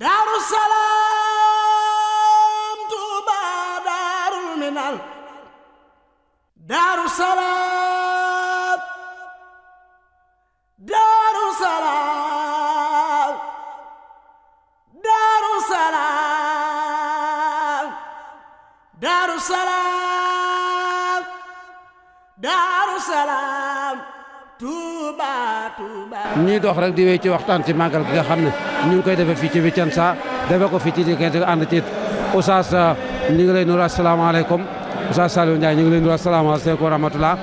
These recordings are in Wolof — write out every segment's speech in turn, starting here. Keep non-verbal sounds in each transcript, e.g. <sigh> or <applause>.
daaru salaam Tuuba daarul minal daaru salaam ñuy dox rek di wéy ci waxtaan ci màggal gi nga xam ne ñu ngi koy defee fii ci Vicenza defee ko fii ci di kente ànd ci Oustaz euh, ñu ngi lay nuyu asalaamaaleykum Oustaz Saliou Ndiaye ñu ngi lay nuyu asalaamaaleykum wa rahmatulah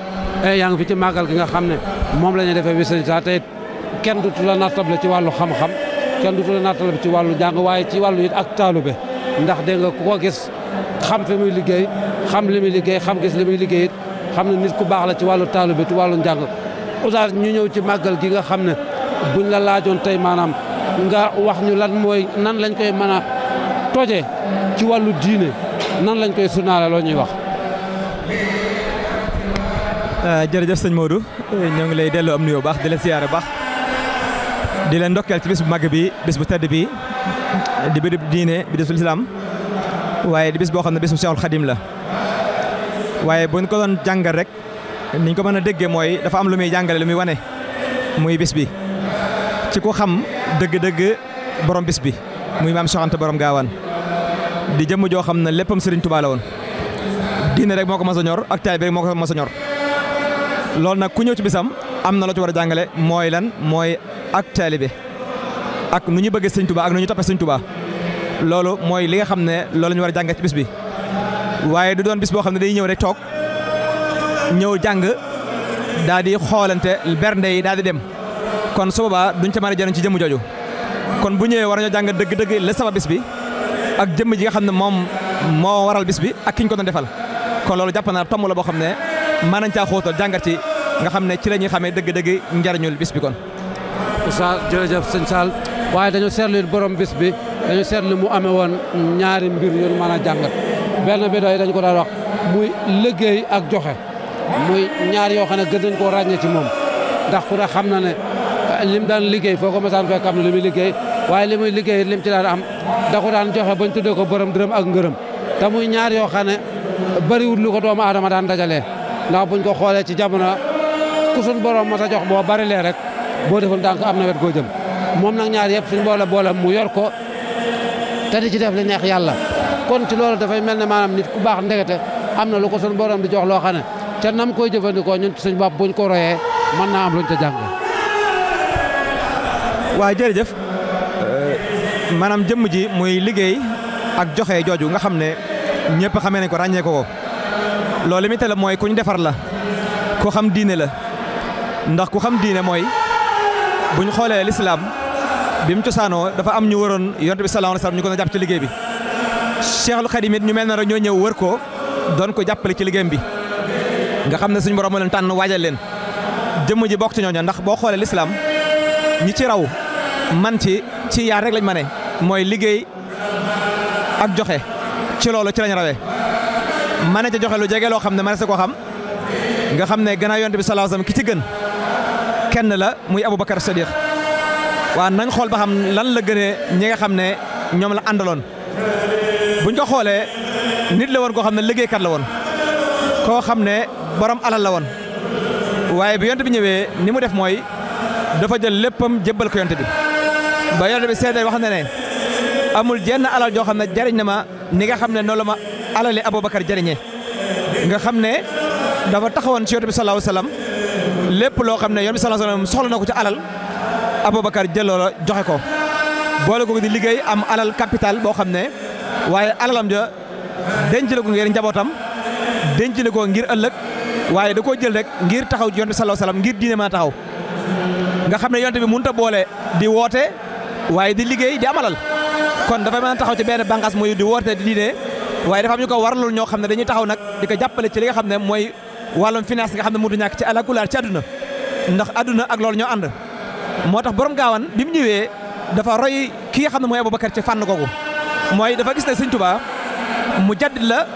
eh, yaa ngi fi ci màggal gi nga xam ne moom la ñuy defee Vicenza te it kenn dutu la nattable ci wàllu xam-xam kenn dutu la nattable ci wàllu jàng waaye ci wàllu it ak taalube ndax dégg nga ku ko gis xam fi muy liggéey xam li muy liggéey xam gis li muy liggéey xam ne nit ku baax la ci wàllu taalube ci wàllu njàng oustaz ñu ñëw ci màggal gi nga xam ne buñ la laajoon tey maanaam nga wax ñu lan mooy nan lañ koy mën a toje ci wàllu diine nan lañ koy sunaale loo ñuy wax. Euh, jërëjëf sëñ Modou euh, ñoo ngi lay delloo am nuyoo baax di la siyaare baax di leen ndokkeel ci bis bu màgg bi bis bu tedd bi di béréb diine bi bisul islam waaye di bis boo xam ne bisu Seexul Xadim la waaye buñ ko doon jàngal rek. niñ ko mën a dégge mooy dafa am lu muy jàngale lu muy wane muy bis bi ci ku xam dëgg-dëgg borom bis bi muy maam soxante borom gaawaan di jëmm joo xam ne léppam Serigne Touba la woon diine rek moo ko mas a ñor ak taay rek moo ko mas a ñor loolu nag ku ñëw ci bisam am na loo ci war a jàngale mooy lan mooy ak taalibe ak nu ñu bëggee sëñ Tuba ak nu ñu toppee sëñ Tuba loolu mooy li nga xam ne loolu la ñu war a jàngale ci bis bi waaye du doon bis boo xam ne day ñëw rek toog ñëw jàng daal di xoolante bernde yi daal di dem kon su boobaa duñ ca mën ci jëmm jooju kon bu ñëwee war ñoo jàng dëgg-dëgg la sama bis bi ak jëmm ji nga xam ne moom moo waral bis bi ak ki ñu ko doon defal kon loolu jàpp naa tomb la boo xam ne mën nañ caa xóotal jàngat ci nga xam ne ci la ñuy xamee dëgg-dëgg njariñul bis bi kon. Oustaz jërëjëf sëñ Sall waaye dañu seetlu borom bis bi dañu seetlu mu amee woon ñaari mbir yu mën a jàngat bi doy dañ ko daan ak joxe. muy ñaar yoo xam ne gën nañ koo ràññee ci moom ndax ku ne xam na ne ah, lim daan liggéey foo ko mosaan fekk am na li muy liggéey waaye li muy liggéey lim ci daan am da ko daan joxe bañ tuddee ko borom dërëm ak ngërëm te muy ñaar yoo xam ne lu ko doomu aadama daan dajalee ndax buñ ko xoolee ci jamono ku suñ borom mos a jox boo bari lee rek boo deful ndànk am na wet goo jëm moom nag ñaar yëpp suñ boole boole mu yor ko te di ci def li neex yàlla kon ci loolu dafay mel ne maanaam nit ku baax ndegete loo xam te nam koy jëfandikoo ñun suñu bopp buñ ko royee mën naa am luñ ca jàng. waaw jërëjëf euh, maanaam jëmm ji muy liggéey ak joxe jooju nga xam ne ñëpp xame nañ ko ràññee ko ko loolu mi tele mooy ku ñu defar la ku xam diine la ndax ku xam diine mooy bu ñu xoolee lislaam bi mu cosaanoo dafa am ñu waroon yonent bi sallallahu alayhi wasallam ñu ko doon jàpp ci liggéey bi Cheikhul Khadim ñu mel na rek ñoo ñëw wër ko doon ko jàppale ci liggéeyam bi. nga xam ne suñu borom moo leen tànn waajal leen jëmm ji bokk ci ñooñu ndax boo xoolee lislaam ñi ci raw man ci ci yaar rek lañ ma ne mooy liggéey ak joxe ci loolu ci lañ rawee ma ne ca joxe lu jege loo xam ne ma ne ko xam nga xam ne gannaaw yonent bi sallallahu alayhi wasallam ki ci gën kenn la muy Aboubacar Sadiq waa nañ xool ba xam lan la gënee ñi nga xam ne ñoom la àndaloon buñ ko xoolee nit la woon koo xam ne liggéeykat la woon koo xam ne borom alal la woon waaye bi yonte bi ñëwee ni mu def mooy dafa jël léppam jébbal ko yonte bi ba yonte bi seede wax ne amul jenn alal joo xam ne jariñ na ma ni nga xam ne noonu la ma alale Aboubacar jariñe nga xam ne dafa taxawoon ci yonte bi salaahu salaam lépp loo xam ne yonte bi salaahu salaam soxla na ko ci alal Aboubacar jëloo la joxe ko boole ko di liggéey am alal capital boo xam ne waaye alalam ja denc la njabootam denc ko ngir ëllëg. waaye da koo jël rek ngir taxaw ci yonte bi sallallahu alayhi wasallam ngir diine ma taxaw nga xam ne yonte bi munuta a boole di woote waaye di liggéey di amalal kon dafa man a taxaw ci benn bànqaas mooy di woote di diine waaye dafa am ñu ko loolu ñoo xam ne dañuy taxaw nag di ko jàppale ci li nga xam ne mooy wàllum finance nga xam ne mu du ñàkk ci alakulaar ci àdduna ndax àdduna ak loolu ñoo ànd moo tax boroom gaawan bi mu ñëwee dafa roy ki nga xam ne mooy Aboubacar ci fànn googu mooy dafa gis ne Sëñ Tuubaa mu jaddit la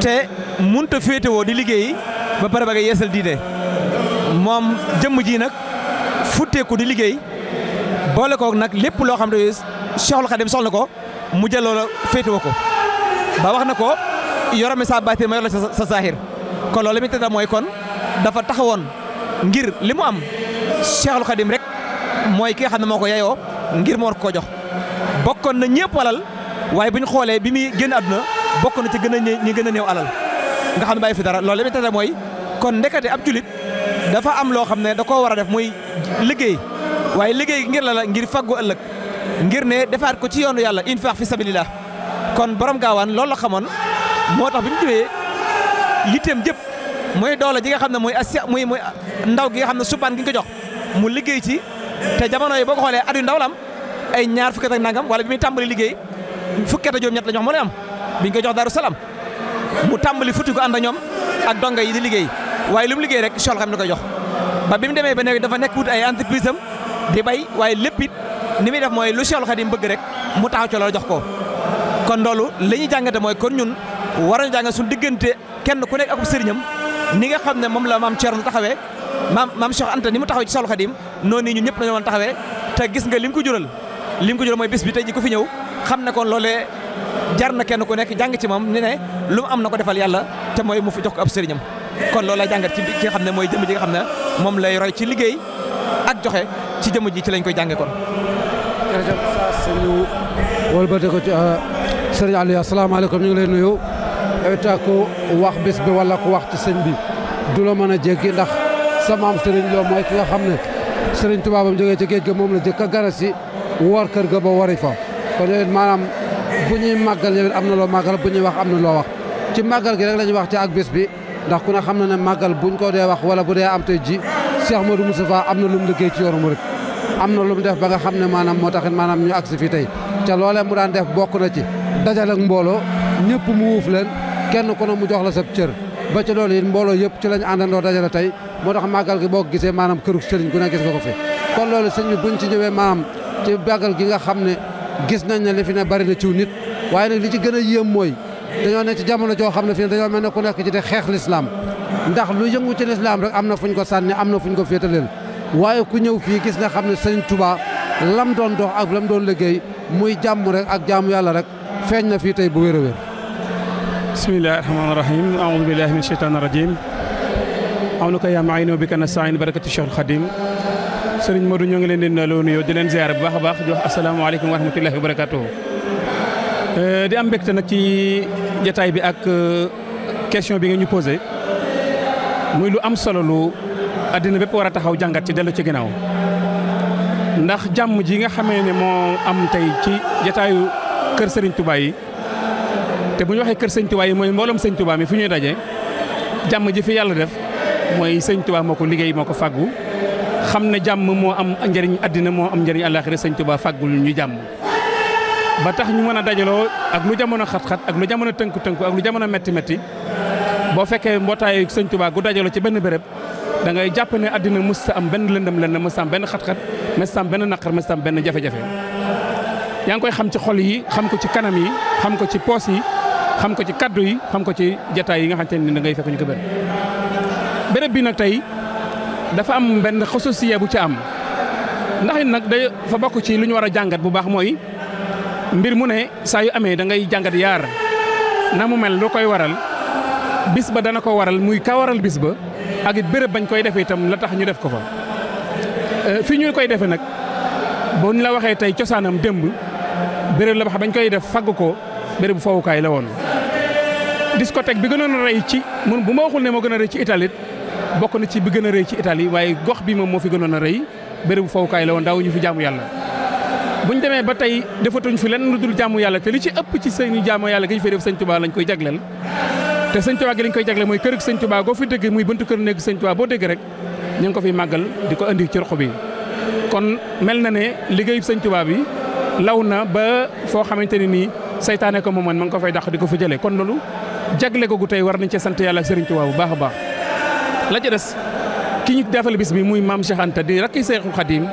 te munta féetewoo di liggéey ba pare ba nga yeesal diine moom jëmm jii nag futteeku di liggéey boole ko nag lépp loo xam ne Cheikhul Khadim soxla ko mu jël loola féetewoo ko ba wax na ko yorami sa baatin ma yor la sa saaxir kon loolu mi tëdda mooy kon dafa taxawoon ngir li mu am Cheikhul Khadim rek mooy ki xam ne moo ko yayoo ngir mu war koo jox bokkoon na ñëpp alal waaye bu ñu xoolee bi muy génn àdduna bokk na ci gën a ñi gën a néew alal nga xam ne bàyyi fi dara loolu li muy tase mooy kon ndekete ab julit dafa am loo xam ne da koo war a def muy liggéey waaye liggéey ngir la la ngir faggu ëllëg ngir ne defaat ko ci yoonu yàlla infaq fi sabilillah kon borom gaawaan loolu la xamoon moo tax bi mu jëwee yitteem jëpp mooy doole ji nga xam ne mooy as muy muy ndaw gi xam ne suppaan gi nga ko jox mu liggéey ci te jamono yi boo ko xoolee at ndaw la ay ñaar fukki at nangam wala bi muy tàmbali liggéey fukki at ak juróom-ñett la ñu am bi ñu jox Daaru Salaam mu tàmbali futti ko ànd ak ñoom ak donga yi di liggéey waaye lu mu liggéey rek sol xam ne koy jox ba bi mu demee ba nekk dafa nekk wut ay entreprise am di bay waaye lépp ni muy def mooy lu Seexul Xadiim bëgg rek mu taxaw ci loolu jox ko kon loolu li ñuy jàngate mooy kon ñun war nañu jàngat suñu diggante kenn ku nekk ak sëriñam ni nga xam ne moom la maam Thierno taxawee maam maam Cheikh Anta ni mu taxawee ci Seexul Xadiim noonu ñun ñëpp dañoo woon taxawee te gis nga lim ko jural lim ko jural mooy bis bi tey ji ku fi ñëw jar na kenn ku nekk jàng ci moom ni ne lu mu am na ko defal yàlla te mooy mu fi jox ko ab sëriñam kon loolu lay jàngat ci ki xam ne mooy jëmm ji nga xam ne moom lay roy ci liggéey ak joxe ci jëmm ji ci lañ koy jànge kon. jërëjëf saa ñu ko ci euh, sëriñ Aliou asalaamaaleykum ñu ngi lay nuyu yow itam ku wax bis bi wala ku wax ci sëñ bi du la mën a jéggi ndax sa maam sëriñ Lo mooy ki nga xam ne sëriñ tubaabam jógee ci géej ga moom la jëkk a garas yi woor kër ga ba wari fa bu ñuy màggal yow am na loo màggal bu ñuy wax am na loo wax ci màggal gi rek la wax ci ak bés bi ndax ku ne xam na ne màggal buñ ko dee wax wala bu dee am tey ji Cheikh Modou Moustapha am na lu mu liggéey ci yoonu murit am na lu mu def ba nga xam ne maanaam moo taxit maanaam ñu agsi fii tey te loolee mu daan def bokk na ci dajal mbooloo ñëpp mu wuuf leen kenn ku na mu jox la sa cër ba ci loolu it mbooloo yëpp ci lañ àndandoo dajale tey moo tax màggal gi boo gisee maanaam këru sëriñ gu ne gis nga ko fi kon nga xam ne gis nañ ne li fi ne bari na ciw nit waaye nag li ci gën a yéem mooy dañoo ne ci jamono joo xam ne fii dañoo mel ne ku nekk ci di xeex lislaam ndax lu yëngu ci lislaam rek am na fuñ ko sànni am na fuñ ko féetaleel waaye ku ñëw fii gis nga xam ne sëñ Tuubaa lam doon dox ak lam doon liggéey muy jàmm rek ak jaamu yàlla rek feeñ na fii tey bu wér a wér bismillahi rahmaani rahim aoudu billahi min sheytaan rajim aw nu ko yaa maino bi ka na saayin barakati Cheikh Xadim sëriñ Modou ñoo ngi leen di nuyoo nuyoo di leen ziar bu baax a baax di wax asalaamaaleykum wa rahmatullahi wa barakaatuhu euh, di am mbégte nag ci jataay bi ak euh, question bi nga ñu posé muy lu am solo lu àddina bépp war a taxaw jàngat ci dellu ci ginnaaw ndax jàmm ji nga xamee ne moo am tey ci jataayu kër sëriñ tubaay yi te bu ñu waxee kër sëriñ Touba yi mooy mbooloom sëriñ Touba mi fu ñuy daje jàmm ji fi yàlla def mooy sëriñ Touba moo ko liggéey moo ko fàggu. xam ne jàmm moo am njariñ àddina moo am njëriñ àllaaxira sëñ Tuubaa fàggul ñu jàmm ba tax ñu mën a dajaloo ak lu jamono xat-xat ak lu jamono tënku-tënku ak lu jamono metti metti boo fekkee mbootaayu sëñ Tuubaa gu dajaloo ci benn béréb dangay jàpp ne àddina mësta am benn lëndëm lëndëm mësta am benn xat-xat mësta benn naqar mësta benn jafe-jafe yaa ngi koy xam ci xol yi xam ko ci kanam yi xam ko ci poos yi xam ko ci kaddu yi xam ko ci jataay yi nga xamante ne da ngay fekk ko béréb béréb bi dafa am ben xususiya bu ci am ndax nak day fa bokk ci luñu wara jangat bu baax moy mbir mu ne sa yu amé da ngay jangat yar na mel lu koy waral bis ba dana ko waral muy ka waral bis ba ak it bañ koy defee itam la tax ñu def ko fa. Euh, fi ñu koy defee nak boo ñu la waxé tay ciosanam demb béréb la wax bañ koy def fagg ko bérébu kay la won discothèque bi gënon ray ci mun bu ma waxul ne mo ray ci italite bokk na ci bi gën a rëy ci Italie waaye gox bi moom moo fi gënoon a rëy bérébu fawukaay la woon daawuñu fi jaamu yàlla bu ñu demee ba tey defatuñ fi lenn lu dul jaamu yàlla te li ci ëpp ci seen jaamu yàlla gi ñu fay def sëñ Tuubaa lañ koy jagleel te sëñ Tuubaa gi lañ koy jagleel mooy kër ak sëñ Tuubaa goo fi dégg muy buntu kër nekk sëñ Tuubaa boo dégg rek ñu ngi ko fiy màggal di ko indi ci rox bi kon mel na ne liggéeyu sëñ tubaab yi law na ba foo xamante ne nii saytaane ko moomoon ma ngi ko fay dàq di ko fa jëlee kon loolu jagle googu tey war nañ ci sant yàlla ak sëriñ Tuubaa baax a baax la ci dess ki ñu defal bis bi muy mam Cheikh Anta di rakki Seexul khadim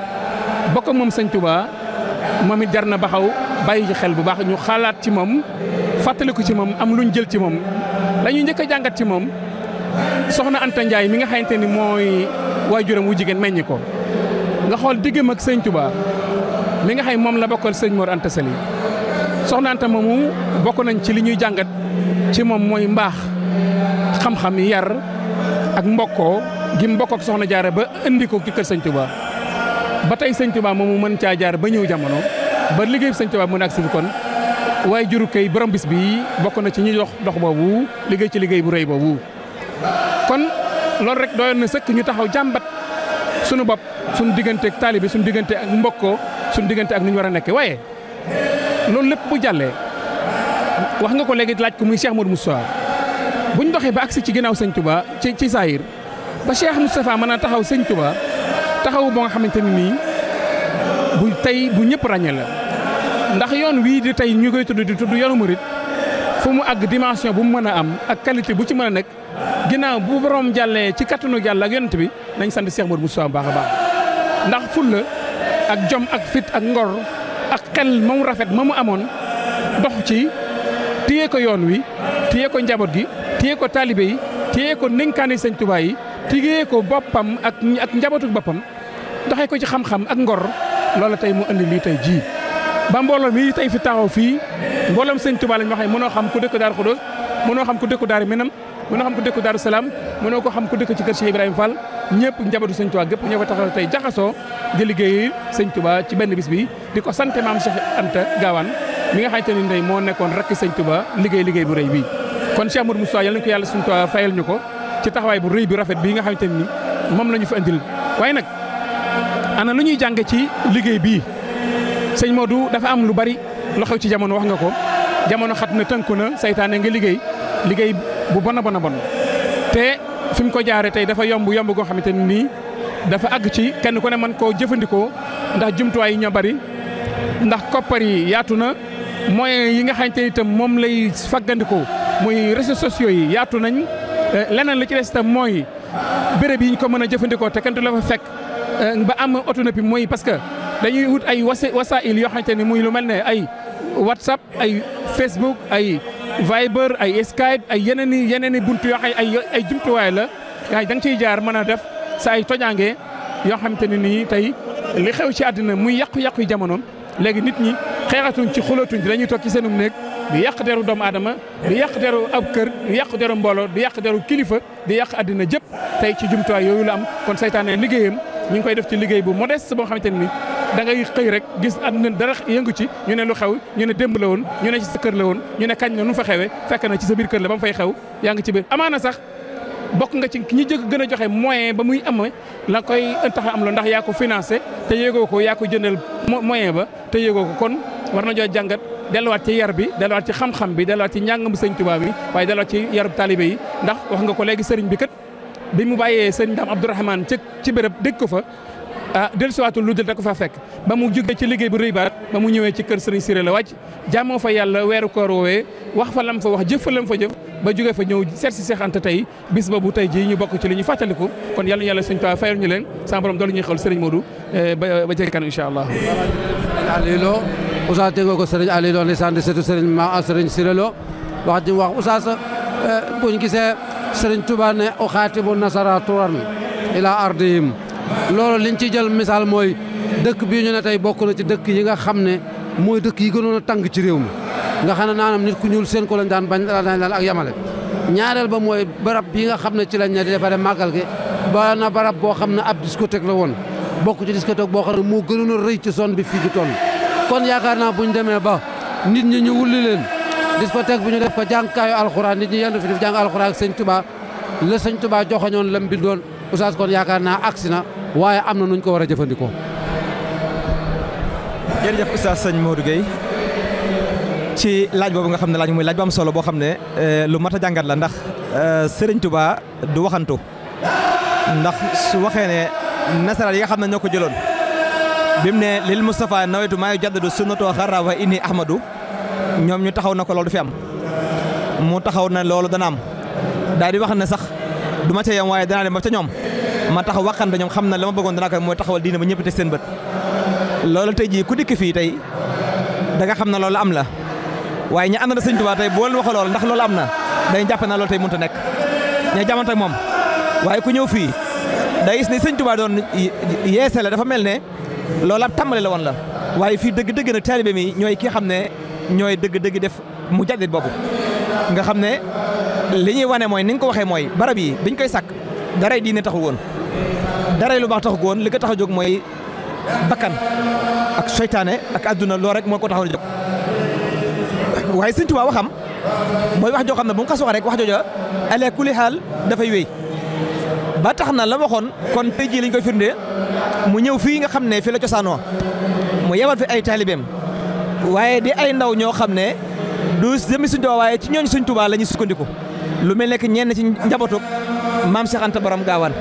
bokk mom seigne Touba momi darna baxaw bayyi ci xel bu baax ñu xalaat ci fatale ko ci mom am luñu jël ci mom la ñëk jangat ci mom soxna Anta Ndiaye mi nga xanteni moy wajuram wu jigen meññi ko nga xol ak seigne Touba mi nga xay mom la bokkal seigne Mor Anta Sali soxna Anta momu bokku nañ ci liñuy jangat ci mom moy mbax xam-xam yar. ak mbokkoo gi mbokk ak soxna jaara ba indi ko ci kër ba tey sëñ Tuba moom mu mën caa jaar ba ñëw jamono ba liggéey sëñ Tuba mën a agsi fi kon waaye juru kay borom bis bi bokk na ci ñi dox dox boobu liggéey ci liggéey bu rëy boobu kon loolu rek doyoon na sëkk ñu taxaw jàmbat sunu bopp suñu diggante ak taalibe sunu diggante ak mbokkoo suñu diggante ak nu ñu war a nekke waaye loolu lépp bu jàllee wax nga ko léegi laaj ko muy Cheikh Modou Moustapha buñ doxé ba aksi ci ginaaw señ Touba ci ci Zahir ba Cheikh mustapha man na taxaw señ Touba taxaw bo nga xamanteni ni bu tay bu ñepp rañé la ndax yoon wi di tay ñu koy tuddu di tuddu yoonu mourid fu mu ag dimension bu mu am ak qualité bu ci mëna nek ginaaw bu borom jallé ci katunu jall ak yoonte bi nañ sant Cheikh mourid mustapha baaxa baax ndax la ak jom ak fit ak ngor ak xel rafet mu dox ci tiyé ko yoon wi tiyé ko njabot gi téye ko taalibe yi téye ko ndénkaane sëñ Tuubaa yi téye ko boppam ak ak njabootu boppam doxee ko ci xam-xam ak ngor loola tey mu indi lii tey jii. ba mbooloom mi tey fi taxaw fii mbooloom sëñ Tuubaa lañ waxee mënoo xam ku dëkk Daaru Xudoos mënoo xam ku dëkk Daaru Minam mënoo xam ku dëkk Daaru Salaam mënoo ko xam ku dëkk ci kër Cheikh Ibrahima Fall ñëpp njabootu sëñ Tuubaa gépp ñoo fa taxaw tey jaxasoo di liggéey sëñ Tuubaa ci benn bis bi di ko sant maam Cheikh Anta Gaawaan mi nga xamante ne ndey moo nekkoon rakk sëñ Tuubaa liggéey liggéey bu rëy bii kon Cheikh Modou Moustapha yal nañu ko yàlla suñu fayal ñu ko ci taxawaay bu rëy bi rafet bi nga xamante ni moom la ñu fa andil waaye nag ana lu ñuy jànge ci liggéey bii sëñ Modou dafa am lu bari lu ci jamono wax nga ko jamono xat na tënku na saytaane nga liggéey liggéey bu bon a bon a bon te fi ko jaaree tey dafa yomb yomb goo xamante ni nii dafa àgg ci kenn ku ne mën koo jëfandikoo ndax jumtuwaay yi ñoo bari ndax koppar yi yaatu na moyens yi nga xamante itam moom lay faggandikoo muy réseaux sociaux yi yaatu nañ euh, leneen li ci des itam mooy béréb yi ñu ko mën a jëfandikoo te kenn du la fa fekk euh, ba am autonomie mooy parce que dañuy wut ay wasa wasaayil yoo xamante ni muy lu mel ne ay WhatsApp ay Facebook ay Viber ay Skype ay yeneen i yeneen i buntu yoo xam ay ay jumtuwaay la yaay da nga ciy jaar mën a def sa ay tojaange yoo xamante ne nii tey li xew ci àddina muy yàqu yi jamono léegi nit ñi xeexatuñ ci xulatuñ dañuy toog ci seenum néeg du yàq deru doomu aadama du yàq deru ab kër du yàq deru mbooloo du yàq deru kilifa di yàq àddina jëpp tey ci jumtuwaay yooyu la am kon saytaane liggéeyam ñu ngi koy def ci liggéey bu modeste boo xamante ne ni da xëy rek gis àddina dara yëngu ci ñu ne lu xew ñu ne démb la woon ñu ne ci sa kër la woon ñu ne kañ la nu fa xewee fekk na ci sa biir kër la ba mu fay xew yaa ngi ci biir amaana sax bokk nga ci ñi jëkk gën a joxe moyen ba muy amee la koy tax am la ndax yaa ko financé te yéegoo ko yaa ko jëndal moyen ba te yéegoo ko kon war na jàngat delluwaat ci yar bi delluwaat ci xam-xam bi delluwaat ci njàngam sëñ Tuubaa bi waaye delluwaat ci yarub taalibe yi ndax wax nga ko léegi sëriñ bi kat bi mu bàyyee sëriñ Ndaam Abdourahmane ci ci béréb dëkk ko fa ah dellusiwaatul lu dul da ko fa fekk ba mu jógee ci liggéey bu rëy baat ba mu ñëwee ci kër sëriñ Siré la wàcc jàmmoo fa yàlla weeru koor woowee wax fa lam fa wax jëf fa lam fa jëf ba jógee fa ñëw seet si Seex Anta tey bis ba bu tey ji ñu bokk ci li ñu fàttaliku kon yàlla yàlla sëñ Tuubaa fayal ñu leen sama borom doolu ñuy xel eh, ba ba jege kan incha allah oustaz déggoo ko sëriñ Aliou Lo ndeysaan di seetu sëriñ ma ah, sëriñ Siré Lo wax ji wax oustaz eh, buñ gisee sëriñ Tuubaa ne o xaatibu nasara turan ila ardihim loolu liñ ci jël misaal mooy dëkk bii ñu ne tey bokk na ci dëkk yi nga xam ne mooy dëkk yi gënoon a tàng ci réew mi nga xam ne naanam nit ku ñuul seen ko lañ daan bañ daan daan ak yamale ñaareel ba mooy barab bi nga xam ne ci lañ ne di defaree màggal gi ba na barab boo xam ne ab discothèque la woon bokk ci discothèque boo xam ne moo gënoon a rëy ci bi fii ci toll kon yaakaar naa bu ñu demee ba nit ñi ñu wulli leen discothèque bi ñu def ko jàngkaayu alxuraan nit ñi yendu fi di jàng alxuraan ak sëñ Tuba la tubaa Tuba joxañoon lam bindoon oustaz kon yaakaar naa agsi na waaye am na nuñ ko war a jëfandikoo. jërëjëf oustaz sëñ Modou Gueye ci laaj boobu nga xam ne laaj muy laaj bu solo boo xam ne eh, lu mat a jàngat la ndax eh, Serigne Touba du waxantu ndax su waxee ne nasaraan yi nga xam ne ñoo ko jëloon. bi mu ne lii lil Moustapha nawetu maayu jaddadu sunnatoo xarra wa inni ahmadu ñoom ñu taxaw na ko loolu du fi am mu taxaw na loolu dana am daal di wax ne sax du ma ca yem waaye danaa dem ba ca ñoom ma taxaw waxante ñoom xam na la ma bëggoon danaa ko mooy taxawal diine ba ñëpp teg seen bët loolu tey jii ku dikk fii tey danga xam na loolu am la waaye ña ànd na sëñ Tuubaa tey boo leen waxee loolu ndax loolu am na dañu jàpp na loolu tey mënut a nekk ña jamono moom waaye ku ñëw fii day gis ne sëñ Tuubaa doon mel ne loolu ab tàmbali la woon la waaye fii dëgg-dëgg nag taalibe mi ñooy ki xam ne ñooy dëgg-dëgg def mu jaddit boobu nga xam ne li ñuy wane mooy ni ko waxee mooy barab yi biñ koy sàkk daray diine taxu woon daray lu baax taxul woon li ko tax a jóg mooy bakkan ak seytaane ak àdduna loolu rek moo ko tax a jóg waaye Sëñ Tuubaa waxam mooy wax joo xam ne bu mu xas wax rek wax jooja ala kulli xaal dafay wéy ba tax na la waxoon kon tey jii lañ koy firnde mu ñëw fii nga xam ne fii la cosaanoo mu yebal fi ay taalibeem waaye di ay ndaw ñoo xam ne du jëmi suñ Tuubaa waaye ci ñooñ suñ la ñuy sukkandiku lu mel nekk ñenn ci njabootu maam Cheikh Anta Borom Gaawaan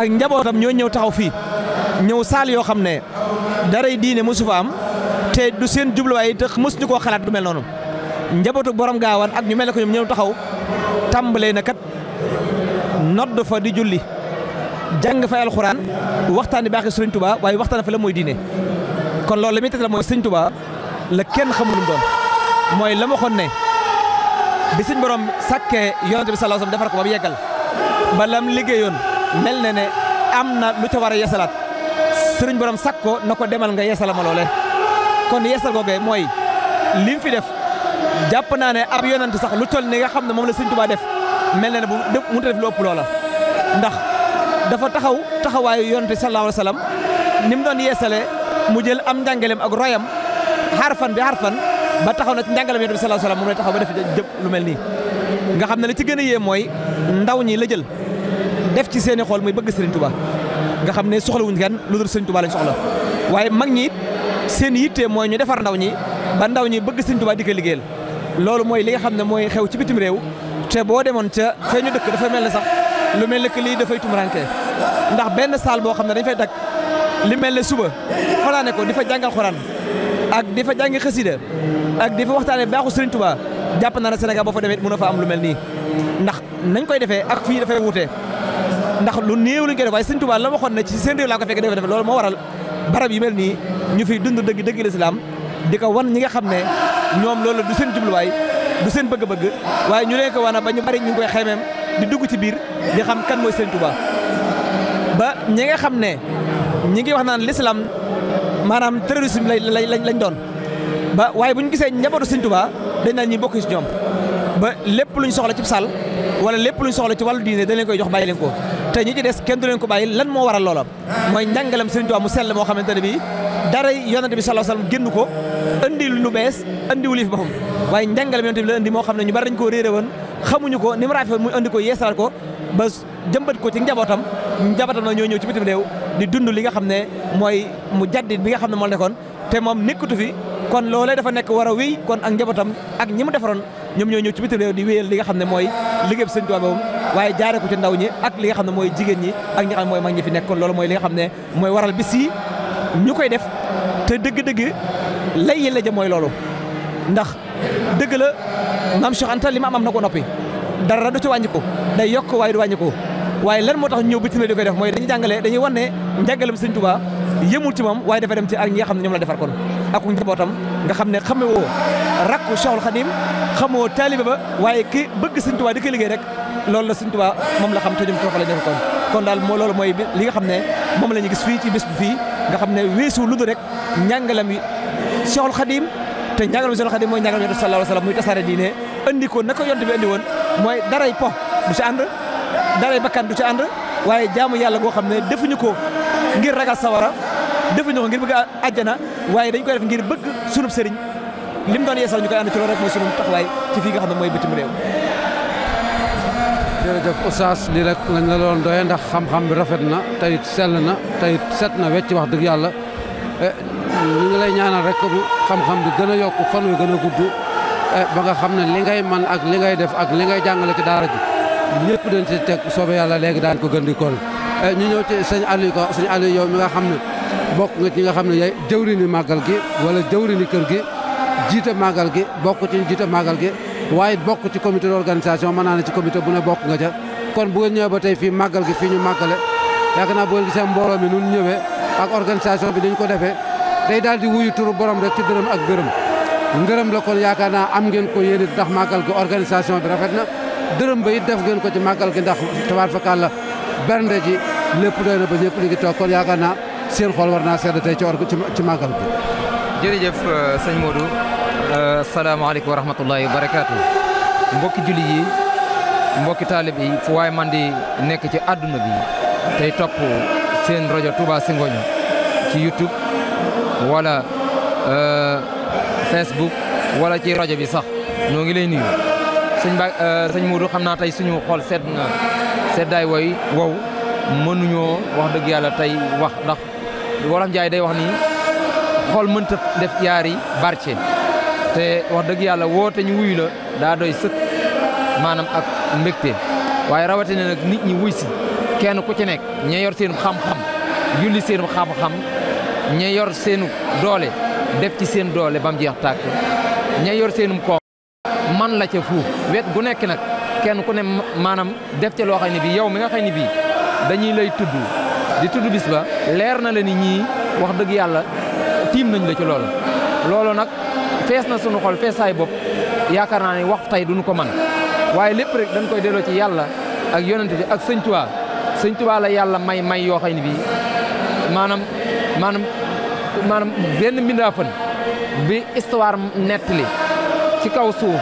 ak njabootam ñoo ñëw taxaw fii ñëw saal yoo xam ne daray diine mosu fa am te du seen jubluwaay te mosuñu koo xalaat du mel noonu njabootu Borom Gaawaan ak ñu mel ne ko ñëw taxaw tàmbalee na kat nodd fa di julli jang fay alxuraan waxtaan di baaxee sëriñ Touba waaye waxtaan fa la mooy diine kon loolu la muy tegtal mooy sëriñ Touba la kenn xamul mu doon mooy la ma ne bi suñ borom sàkkee yonante bi sallallahu alayhi defar ko ba mu yeggal ba lam liggéeyoon mel na ne am na lu ca war a yeesalaat sëriñ borom sàkk ko na ko demal nga yeesal ma loole kon yeesal googee mooy lim fi def jàpp naa ne ab yonante sax lu toll ni nga xam ne moom la sëriñ Touba def mel na ne bu mënut a def lu ëpp loola ndax dafa taxaw taxawaayu yonte sallallahu alayhi wa sallam ni mu doon yeesale mu jël am njàngaleem ak royam xarfan bi xarfan ba taxaw na ci njàngaleem yonte bi sallallahu alayhi wa sallam moom lay taxaw lu mel nii nga xam ne li ci gën a yee mooy ndaw ñi la jël def ci seeni xool muy bëgg Sëriñ Tuba nga xam ne soxlawuñ kenn lu dul Sëriñ Tuba lañ soxla waaye mag ñi seen yitte mooy ñu defar ndaw ñi ba ndaw ñi bëgg Sëriñ Tuba di ko liggéeyal loolu mooy li nga xam ne mooy xew ci bitim réew te boo demoon ca fee ñu dëkk dafa mel ne sax lu mel ne lii dafay tumuranke ndax benn saal boo xam ne dañ fay dag li mel ne suba fanaane ko di fa jàngal xuraan ak di fa jàngi xasida ak di fa waxtaane baaxu Sëriñ Tuubaa jàpp naa ne Sénégal boo fa demee mën a fa am lu mel nii ndax nañ koy defee ak fii dafay wuute ndax lu néew lañ koy Sëriñ Tuubaa la waxoon ne ci seen réew laa ko fekk defee loolu moo waral barab yu mel nii ñu fiy dund dëgg dëgg lislaam di ko wan ñi nga xam ne ñoom loolu du seen jubluwaay du seen bëgg-bëgg waaye ñu leen ko wana ba ñu bari ñu ngi koy xemeem di dugg ci biir di xam kan mooy Serigne Touba ba ñi nga xam ne ñi ngi wax naan l'islam maanaam terrorisme lañ lañ lañ doon ba waaye bu ñu gisee njabootu Serigne Touba dañ naan ñi bokk ci ñoom. ba lépp luñ soxla ci saal wala lépp luñ soxla ci wàllu diine dañ leen koy jox bàyyi leen ko te ñi ci des kenn du leen ko bàyyi lan moo waral loola mooy njàngalam Sëriñ Tuubaa mu sell moo xamante ne bii dara yonante bi sallallahu alayhi wasallam génn ko indi lu bees indi wu li fi boppam waaye njàngalam yonante bi la indi moo xam ne ñu bari dañ koo réeré woon xamuñu ko ni mu rafet mu indi ko yeesal ko ba jëmbat ko ci njabootam njabootam na ñoo ñëw ci bitim réew di dund li nga xam ne mooy mu jaddit bi nga xam ne moo nekkoon te moom nekkatu fi kon loolee dafa nekk war a kon ak njabootam ak ñi mu defaroon ñoom ñoo ñëw ci bitim réew di wéyal li xam ne mooy liggéey bi sëñ Tuubaa waaye jaare ko ci ndaw ñi ak li nga xam ne mooy jigéen ñi ak ñi xam ne mooy mag ñi fi nekk kon loolu mooy li xam ne mooy waral bi yi ñu koy def te dëgg-dëgg lay yi la ja mooy loolu ndax dëgg la maam Cheikh Anta li ma am am na ko noppi dara du ci wàññi ko day yokk waaye du wàññi ko waaye lan moo tax ñëw bitim réew di koy def mooy dañuy jàngale dañuy wan ne njàngalem sëñ Tuubaa yëmul ci moom waaye dafa dem ak ñi nga xam ne ñoom defar kon ak njabootam nga xam ne xame woo rakku Cheikhul Khadim xamoo taalibe ba waaye ki bëgg Sëñ Tuubaa di ko liggéey rek loolu la Sëñ Tuubaa moom la xam te ñoom kooku la nekkoon kon daal moo loolu mooy li nga xam ne moom la ñu gis fii ci bés fii nga xam ne weesu lu dul rek njàngalam yi Cheikhul Khadim te njàngalam Cheikhul Khadim mooy njàngalam Yonent sa sallallahu alayhi wa sallam muy tasaare diine andi ko naka Yonent bi andi woon mooy daray po du ci ànd daray bakkan du ci ànd waaye jaamu yàlla goo xam ne defuñu ko ngir ragal sawara defuñu ko ngir bëgg àjjana waaye dañ koy def ngir bëgg sunub sëriñ lim doon yeesal ñu koy ànd ci loolu rek mooy sunu taxawaay ci fii nga xam ne mooy bitim réew. jërëjëf Oustaz lii rek lañ la doon doye ndax xam-xam bi rafet na tayit sell na tayit set na wecc wax dëgg yàlla eh, ñu ngi lay ñaanal rek bu xam-xam bi gën a yokk fan wi gën a gudd eh, ba nga xam ne li ngay man ak li ngay def ak li ngay jàngale ci daara ji ñëpp dañ ci teg soobee yàlla léegi daan ko gën di kool eh, ñu ñëw sëñ Aliou sëñ Aliou yow mi nga xam ne Bok nga ci nga xamne ne yaay jëwrini màggal gi wala jëwrini keur gi jita magal gi bok ci jita magal gi waye bok ci comité d'organisation manana ci comité bu ne bok nga ca kon bu ñëw ba tay fi magal gi fi ñu magalé yaakaar naa bu ngeen gisee mi ñun ñëwé ak organisation bi dañ ko défé day daal di wuyu turu borom rek ci dërëm ak gërëm ngërëm la kon yaakaar naa am ngeen ko yéne tax magal gi organisation bi rafetna na dërëm ba def ngeen ko ci magal gi ndax tabaar bernde ji lepp doyna ba ñepp li ngi kon seen xool war naa sedd tey ci or ci màggal bi. jërëjëf euh, sëñ Modou. Euh, salaamaaleykum wa rahmatullahi wa barakaatu. mbokki julli yi mbokki taalib yi fu waay man di nekk ci àdduna bi tey topp seen rajo Touba Zingonia ci YouTube walla euh, Facebook wala ci rajo bi sax ñoo ngi lay nuyu. sëñ Ba sëñ Modou xam naa tey suñu xool sedd na seddaay woy wow mënuñoo wax dëgg yàlla tey wax ndax. wolof Njaay day wax nii xool mënta def yaari barce te wax dëgg yàlla woote ñu wuyu la daa doy sëkk maanaam ak mbégte waaye rawatina nag nit ñi wuy si kenn ku ci nekk ña yor seen xam-xam yulli seen xam-xam ña yor seenu doole def ci seen doole ba jeex tàkk ña yor seenum koom man la ca fuuf wet gu nekk nag kenn ku ne maanaam def ca loo xam ne bi yow mi nga xam ne dañuy lay tudd di tudd bis ba leer na la ni ñii wax dëgg yàlla tiim nañ la ci lool loolu nag fees na sunu xol fees saay bopp yaakaar naa ni wax tey duñu ko man waaye lépp rek dañ koy delloo ci yàlla ak yonent bi ak sëñ Tuubaa la yàlla may may yoo xam ne bii maanaam maanaam maanaam benn mbindaafan bi histoire nettali ci kaw suuf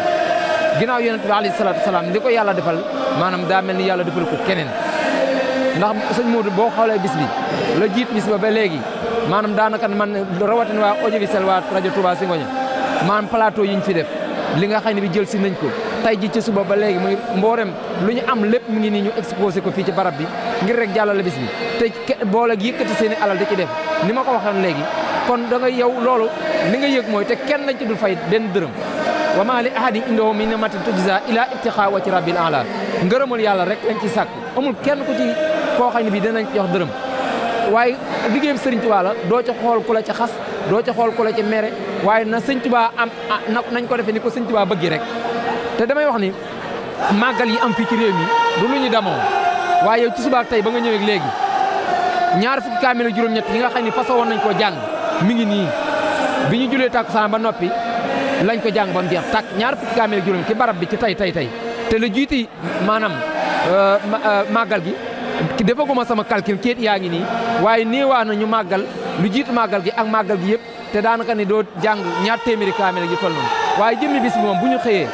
ginnaaw yonent bi alayhi salaatu wa salaam ko yàlla defal maanaam daa mel ni yàlla defal ko keneen ndax sëñ Modou boo xoolee bis bi la jiit bis ba ba léegi maanaam daanaka man rawatin waa audiovisuel waa rajo Touba Zingonia maanaam plateau yi ñu fi def li nga xam ne bi jël si nañ ko tey ji ci ba ba léegi muy mboolem lu ñu am lépp mu ngi nii ñu exposé ko fii ci barab bi ngir rek jàllale bis bi te boole gi yëkkati seen alal di ci def ni ma ko waxoon léegi kon da nga yow loolu li nga yëg mooy te kenn lañ ci du fay benn dërëm wa maa li ahadin indahu min ni'matin tujzaa ilaa ibtiqaa wajhi rabbil a'laa ngërëmul yàlla rek lañ ci sàkk amul kenn ku ci koo xam ne bi dinañ jox dërëm waaye liggéeyam sëriñ Tuubaa la doo ca xool ku la ca xas doo ca xool ku la ca mere waaye na sëñ Tuubaa am ah, nañ ko defee ni ko sëñ Tuubaa bëggee rek te damay wax ni màggal yi am fii ci réew mi du lu ñu damoo waaye yow ci subaak tey ba nga ñëwee léegi ñaar fukki kaamil ak juróom-ñett yi nga xam ne façon woon nañ ko jàng mi ngi nii bi ñu julee takkusaan ba noppi lañ ko jàng ba mu jeex tàkk ñaar fukki kaamil ak juróom ci barab bi ci tey tey tey te le jiiti maanaam euh, euh, màggal gi ko ma sama calcul kéet yaangi ni waye waaye néewaa ñu magal lu jiitu magal gi ak magal gi yëpp te daanaka ni do jang ñaar téméré caméra gi tollu waye jëmmé bis mom moom bu ñu xëyee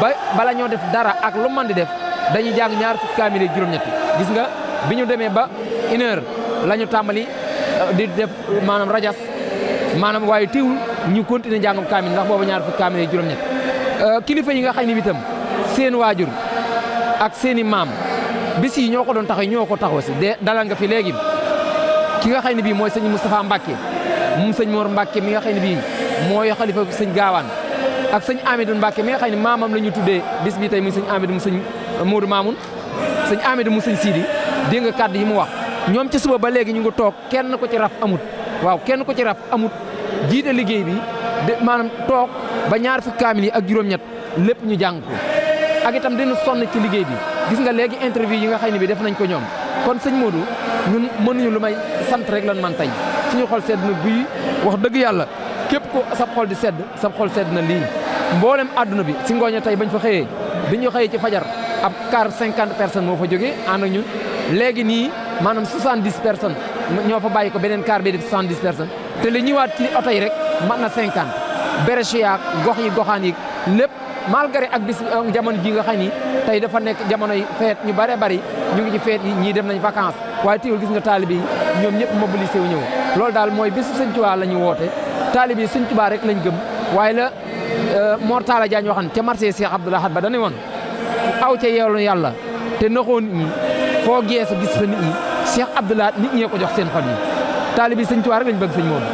ba bala ñoo def dara ak lu man di def dañu jang ñaar fu caméra juroom juróom-ñetti gis nga bi ñu demee ba 1 heure lañu tambali euh, di def manam rajas manam waye tiwul ñu continuer jangum caméra ndax bobu ñaar fu caméra juroom juróom euh kilifa yi nga xayni bitam seen wajur ak seeni maam bis yi ñoo ko doon tax ñoo ko taxaw si de dalal nga fi léegi ki nga xëy ne bii mooy sëñ Moustapha Mbacke moom sëñ Mor Mbacke mi nga xëy ne bii mooy xalifa sëñ Gaawaan ak sëñ Amidou Mbacke mi nga xëy ne maamam la ñu tuddee bis bi tey muy sëñ Amidou mu sëñ euh, Modou Mamoun sëñ Amidou mu sëñ Sidi dégg nga kàddu yi mu wax ñoom ci suba ba léegi ñu ngi toog kenn ko ci raf amut waaw kenn ko ci raf amut jiite liggéey bi de maanaam toog ba ñaar fukki kaamil yi ak juróom lépp ñu jàng ko ak itam dina sonn ci liggéey bi gis nga léegi interview yi nga xam ne bi def nañ ko ñoom kon sëñ Modou ñun mënuñu lu may sant rek lan man tey suñu xol sedd na guy wax dëgg yàlla képp ko sab xol di sedd sab xol sedd na lii mboolem àdduna bi si ngooñe tey bañ fa xëyee bi ñu xëyee ci fajar ab car cinquante personnes moo fa jógee ànd ak ñun léegi nii maanaam soixante-dix personnes ñoo fa bàyyi ko beneen car bi def soixante-dix personnes te li ñëwaat ci oto yi rek mat na cinquante berché yaak gox yi lépp malgré ak bis euh, jamono ji nga xam ni tey dafa nekk jamono yi feet ñu bare bari ñu ngi ci feet yi ñii dem nañ vacances waaye teewul gis nga taalibe yi ñoom ñëpp mobilisé wu ñëw loolu daal mooy bisu Sëñ Tuubaa la ñu woote taalibe yi Sëñ Tuubaa rek lañ gëm waaye la euh, Mor Talla Diagne waxan ca marché Cheikh Abdoul Ahad ba dañu woon aw ca yeelu yàlla te naxoon ñi foo geesu gis fa nit ñi Cheikh Abdoul Ahad nit ñee ko jox seen xol yi taalibe yi Sëñ Tuubaa rek lañ bëgg sëñ moom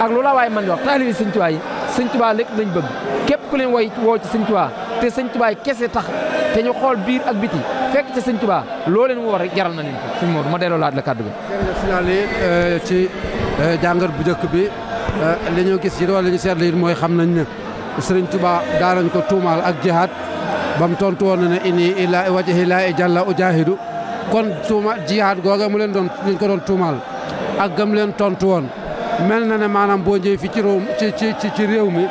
ak lu la waaye man wax taalibe yi Sëñ yi sëñ Tuubaa lekk lañ bëgg képp ku leen woy woo ci sëñ Tuubaa te sëñ Tuubaa kese tax te ñu xool biir ak biti fekk ci sëñ tubaa loo leen woo rek jaral na leen ko sëñ Modou ma delloo laat la kàddu gi. Euh, ci euh, jàngat bu njëkk bi euh, li ñu gis yi wala li ñu seetlu it mooy xam nañ ne sëriñ Tuubaa daanañ ko tuumaal ak jihaad ba mu tontu woon ne inni ila wajhi laa u ujaahidu kon tuuma jihaad googa mu leen doon ñu ko doon tuumaal ak gëm leen tontu woon. mel na ne maanaam boo ñëwee fi ci réew ci ci ci réew mi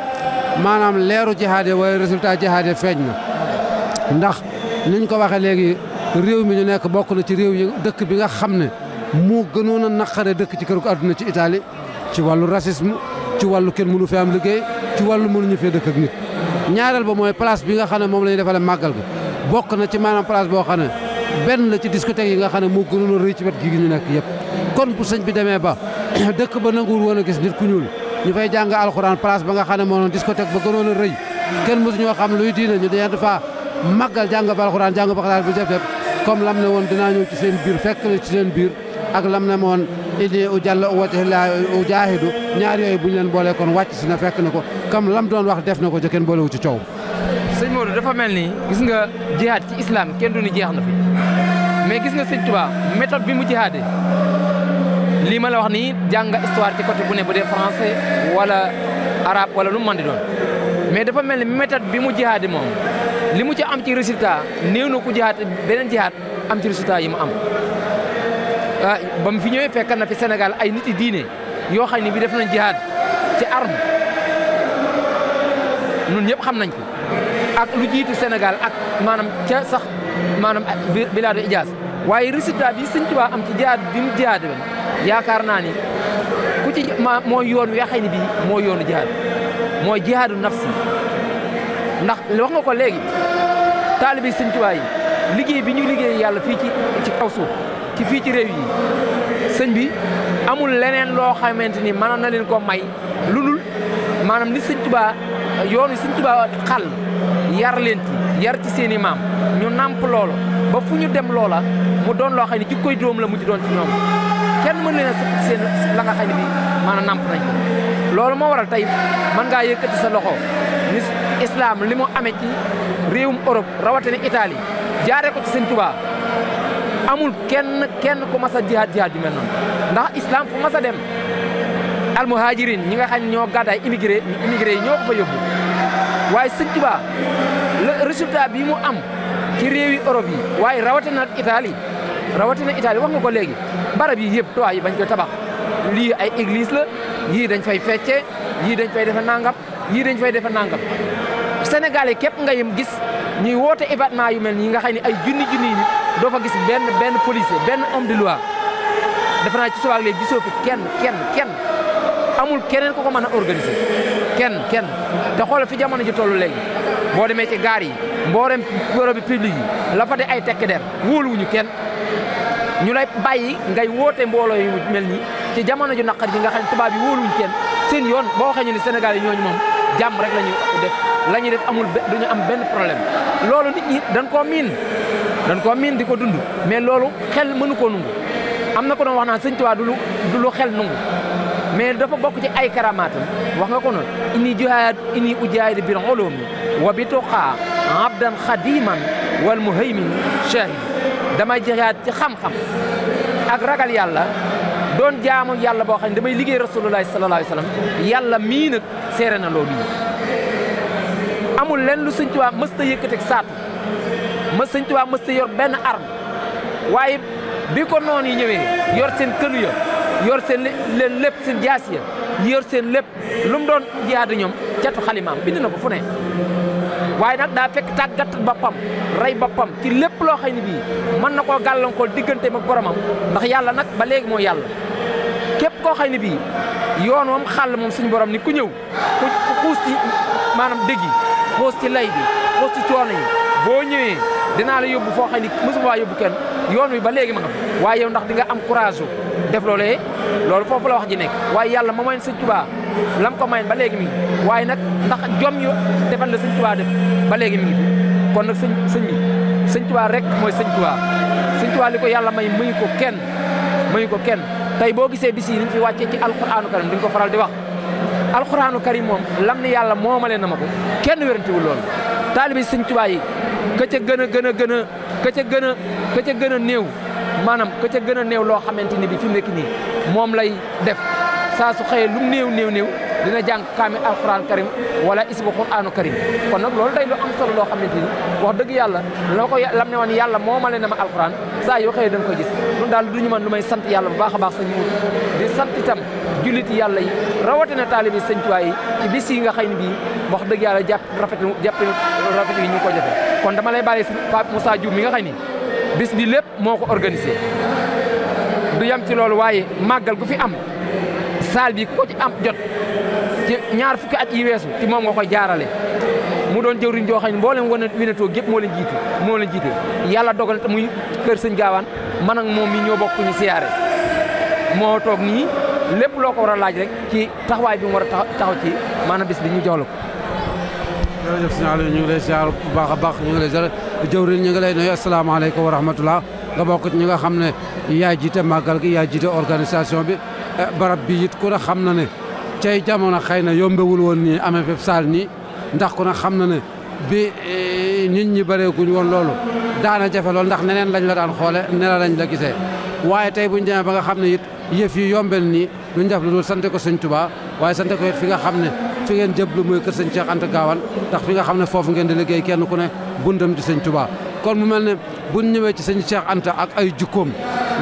maanaam leeru jihaade waaye résultat jihaade feeñ na ndax niñ ko waxee léegi réew mi ñu nekk bokk na ci réew yi dëkk bi nga xam ne moo gënoon a naqare dëkk ci këru àdduna ci Italie ci wàllu racisme ci wàllu kenn mënu fee am liggéey ci wàllu mënuñu fee dëkk ak nit ñaareel ba mooy place bi nga xam ne moom la ñuy defalee màggal bi bokk na ci maanaam place boo xam ne benn la ci discothèque yi nga xam ne moo gënoon a ci wet gi ñu nekk yëpp kon bu sëñ bi demee ba <clears throat> dëkk ba nanguwul woon a gis nit ku ñuul ñu fay jàng alxuraan place ba nga xam ne moo noon discothèque ba gënoon a rëy kenn mosu ñoo xam luy diine ñu dañu fa màggal jàng ba alxuraan jàng ba xalaat bu jafe comme lam ne woon dinaa ñëw ci seen biir fekk na ci seen biir ak lam ne moon ini u jàll u watiilaa ñaar yooyu bu ñu leen boolee kon wàcc si na fekk na ko comme lam doon wax def na ko ca kenn boolewu ci coow sëñ Modou ni gis nga jihaad ci islam kenn du ni jeex na fi mais gis nga sëñ Tuubaa bi mu jihaadee lii ma la wax nii jàng nga histoire ci côté bu ne bu dee français wala araab wala lu mu mën doon mais dafa mel ni méthode bi mu jihaadi moom li mu ci am ci résultat néew na ku jihaat beneen jihaat am ci résultat yi mu am. ah ba mu fi ñëwee fekk na fi Sénégal ay niti diine yoo xam ni bi def nañ jihaad ci arme ñun ñëpp xam nañ ko ak lu jiitu senegal ak maanaam ca sax maanaam bilaadu Ijaas waaye résultat bi Sëñ waa am ci jihaad bi mu jihaadi woon yaakaar naa ni ku ci ma mooy yoon wi nga xam ne bii mooy yoonu jihaad mooy jihaadu nafsi ndax wax nga ko léegi taalibi Sëñ Tuubaa liggéey bi ñu liggéey yàlla fii ci ci kaw ci fii ci réew yi sëñ bi amul leneen loo xamante ni mënoon na leen ko may lu dul maanaam ni Sëñ Tuubaa yoon wi Sëñ Tuubaa xàll yar leen ci yar ci seen i maam ñu nàmp lool ba fu ñu dem loola mu doon loo xam ne ci koy dóom la mu ci doon ci ñoom kenn mën leen a seen la nga xam bi ma na namp nañ loolu moo waral tey mën ngaa te sa loxo ni islam li mu amee ci réewum Europe rawatina Italie jaaree ko ci seen amul kenn kenn ku mas a jihaad jihaad bi mel noonu ndax islam ko mas a dem almuhajirin ñi nga xam ñoo gàddaay immigré immigré yi ñoo ko fa yóbbu waaye sëñ Tuubaa le résultat bi mu am ci réewi Europe yi waaye rawatina ak rawatina Italie wax ko léegi barab yi yëpp toit yi bañ koy tabax lii ay église la yii dañ fay fecce yii dañ fay defe nangam yii dañ fay defe nangam sénégalais képp nga yem gis ñuy woote événement yu mel nii nga xam ne ay junni junni yi doo fa gis benn benn policier benn om de loi defe naa ci subaak léegi gisoo fi kenn kenn kenn amul keneen ku ko mën a organiser kenn kenn te fi jamono ji tollu léegi boo demee ci gaar yi mboolem bërëb public la fa de ay tekk der wóoluwuñu kenn ñu lay bàyyi ngay woote mbooloo yu mel nii ci jamono ju naqar ji nga xam ne tubaab yi wóoluñ kenn seen yoon boo waxee ñu ne Sénégal yi ñooñu moom jàmm rek la ñu def la ñuy def amul duñu am benn problème loolu nit ñi dañ koo miin dañ koo miin di ko dund mais loolu xel mënu koo nungu am na ko doon wax naan sëñ Tuubaa du lu du xel nungu mais dafa bokk ci ay karamaatam wax nga ko noonu ini jihaad ini ujaahid bil ulumi wa bi tuqaa abdan xadiman wal muhaymin shahid damay jaxaat ci xam-xam ak ragal yàlla doon jaamu yàlla boo xam ne damay liggéey rasulullahi sallallahu alayhi wa sallam yàlla mii nag seere na loolu amul lenn lu sëñ Tuubaa mës ta yëkkateeg saatu ma sëñ yor benn arme waaye bi ko noonu yi ñëwee yor sen kënu ya yor seen leen lépp seen jaas ya yor seen lépp lum doon jihaad ñoom catu xalimaam bind na ko fu ne waaye nag daa fekk tàggat boppam rey boppam ci lépp loo xëy ni bii mën na koo gàllankool diggante ak boromam ndax yàlla nag ba léegi mooy yàlla képp koo xëy ni bii yoon moom xàll moom suñu borom ni ku ñëw ku xuus ci maanaam dégg yi ci lay bi xuus ci coono yi boo ñëwee dinaa la yóbbu foo xëy ni mosuma waa yóbbu kenn yoon wi ba léegi ma nga waaye yow ndax di nga am courage su def loolee loolu foofu la wax ji nekk waaye yàlla ma mayoon sëñ Tuubaa lam ko mayoon ba léegi mi waaye nag ndax jom yu defal la sëñ Tuubaa def ba léegi mi kon nag sëñ sëñ bi rek mooy sëñ Tuubaa sëñ Tuubaa li ko yàlla may mayu ko kenn mayu ko kenn tey boo gisee bis yi niñ fi wàccee ci alquraanu karim duñ ko faral di wax alquraanu karim moom lam ni yàlla moo moomale na ma ko kenn wérantewul loolu taalibi sëñ gën a gën a gën a ka ca gën a ka ca gën a néew maanaam ka ca gën a néew loo xamante ni bi fi mu nekk nii moom lay def saa su xëyee lu néew néew néew dina jàng kaamil alquran karim wala isbu quranu karim kon nag loolu day lu am solo loo xamante wax dëgg yàlla loo ko lam ne woon yàlla moo ma leen na ma alquran saa yoo xëyee danga ko gis ñun daal duñu man lu may sant yàlla bu baax a baax sëñ mu di sant itam jullit yàlla yi rawatina taalibi sëñ Tuubaa yi ci bis yi nga xëy ni bii wax dëgg yàlla jàpp rafet jàpp rafet yi ñu ko jafe kon dama lay bàyyi si Pape Moussa Diouf mi nga xëy bis bi lépp moo ko organisé du yam ci loolu waaye màggal gu fi am salle bi ko ci am jot ci ñaar fukki at yi wessu ci mom nga koy jaarale mu doon jeurin jo xagn ne wona winato gep mo len leen mo len leen yalla dogal te muy kër sëñ gaawaan man ak mom mi ño bokku ni siaré mo tok ni lepp loko wara laaj rek ci taxway bi mo wara taxaw ci manam bis bi ñu jollu jeuf seigne ali ñu ngi lay ziar bu baax baax ñu ngi lay ziar jeurin ñu ngi lay nuyu alaykum wa rahmatullah nga bokku ñi nga xamne ne yaa magal gi yaa jiite organisation bi barab bi it ku ne xam na ne cay jamono xëy na yombewul woon nii amee fépp saal nii ndax ku ne xam na ne bi eh, nit ñi bareeguñ woon loolu daana jafe lool ndax neneen lañ la daan xoole ne la lañ la gisee waaye tey buñ demee ba nga xam ne it yëf yi yombel nii duñ def lu dul sant ko sëñ Tuubaa waaye sant ko it fi nga xam ne fi ngeen jëblu mooy kër sëñ Cheikh ant Gaawaan ndax fi nga xam ne foofu ngeen di liggéey kenn ku ne bundam di sëñ Tuubaa kon mu mel ne bu ñëwee ci sëñ Cheikh Anta ak ay jukkoom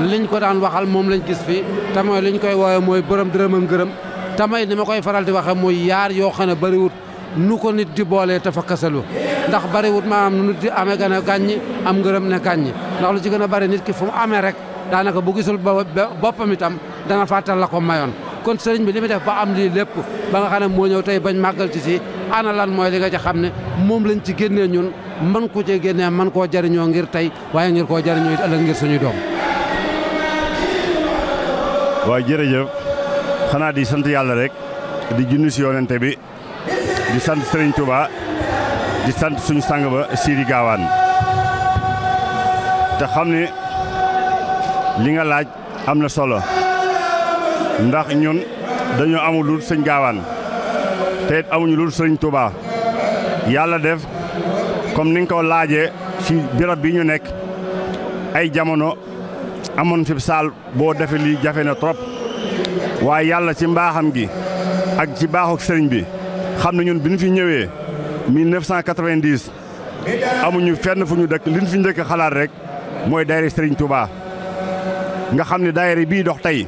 liñ ko daan waxal moom lañ gis fii te mooy liñ koy woowee mooy borom dërëmam gërëm tamay ni ma koy faral di waxee mooy yaar yoo xam ne bëriwut nu ko nit di boolee te fa kasalu ndax bëriwut maanaam nu nit di amee gën a gàññi am ngërëm ne gàññi ndax lu ci gën a bëri nit ki fu mu amee rek daanaka bu gisul boppam itam dana fàttal la ko mayoon kon sëriñ bi li def ba am lii lépp ba nga xam ne moo ñëw tey bañ màggal si ana lan mooy li ca xam ne moom lañ ci génnee ñun man ko cee génnee man koo jariñoo ngir tey waaye ngir koo jariñoo it ëllëg ngir suñuy doom waaw jërëjëf xanaa di sant yàlla rek di junni si yonente bi di sant Serigne Touba di sant suñu sang ba Siri Gaawaan te xam ne li nga laaj am na solo ndax ñun dañoo amul lul sëñ Gaawaan te it amuñu lul Serigne Touba yàlla def comme ni nga ko laajee ci birab bi ñu nekk ay jamono amoon fi saal boo defee lii jafe na trop waaye yàlla ci mbaaxam gi ak ci baaxuk sëriñ bi xam nañu ñun bi ñu fi ñëwee 1990 amuñu fenn fu ñu dëkk liñ fi njëkk xalaat rek mooy daayira sëriñ Touba nga xam ne daayira bii dox tey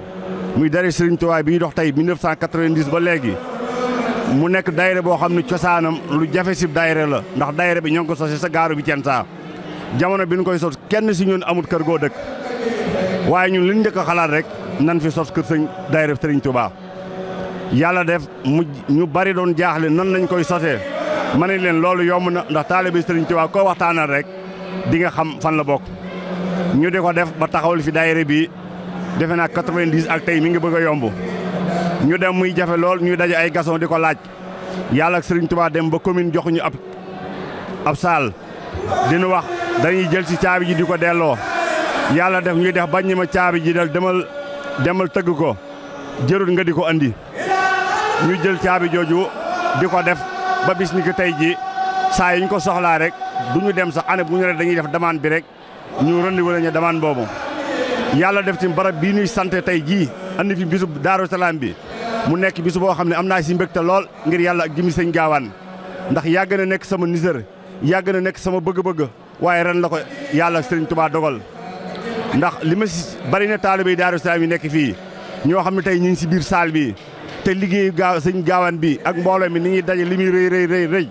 muy daayira sëriñ Touba bii dox tey 1990 ba léegi. mu nekk daayira boo xam ne cosaanam lu jafe si daayira la ndax daayira bi ñoo ngi ko sos sa gaaru bi cen saa jamono bi ñu koy sos kenn si ñun amut kër goo dëkk waaye ñun liñ njëkk a xalaat rek nan fi sos kër sëñ daayira sëriñ Tuubaa yàlla def mu ñu bari doon jaaxle nan lañ koy sosee ma ne leen loolu yomb na ndax taalibe sëriñ Tuubaa koo waxtaanal rek di nga xam fan la bokk ñu di ko def ba taxawal fi daayira bi defe naa 90 ak tey mi ngi bëgg a yomb ñu dem muy jafe lool ñuy dajé ay gasson diko laaj yalla ak Serigne Touba dem ba commune ñu ab ab saal dinu wax dañuy jël ci caabi ji diko delo yalla def ñuy def bañ ñi ma ji dal demal demal tegg ko jërul nga di ko andi ñu jël caabi joju di def ba bis ni ko tay ji saa yiñ ko soxla rek duñu dem sax ane bu ñu rek dañuy def demande bi rek ñu rendi wala ñu demande bobu yalla def ci barab bi ñuy santé tay ji andi fi bisu daru salam bi mu nekk bisu boo xam ne am naa si mbégte lool ngir yàlla gimmi sañ sëñ gaawaan ndax yàgg na nekk sama nisër yàgg na nekk sama bëgg-bëgg waaye ren la ko yàlla sëriñ Tuubaa dogal ndax li ma si bari na taalibe yi Daaru Salaam yi nekk fii ñoo xam ne tey ñu ngi si biir saal bi te liggéeyu gaaw sëñ gaawaan bi ak mbooloo mi ni ñuy daje li muy rëy rëy rëy rëy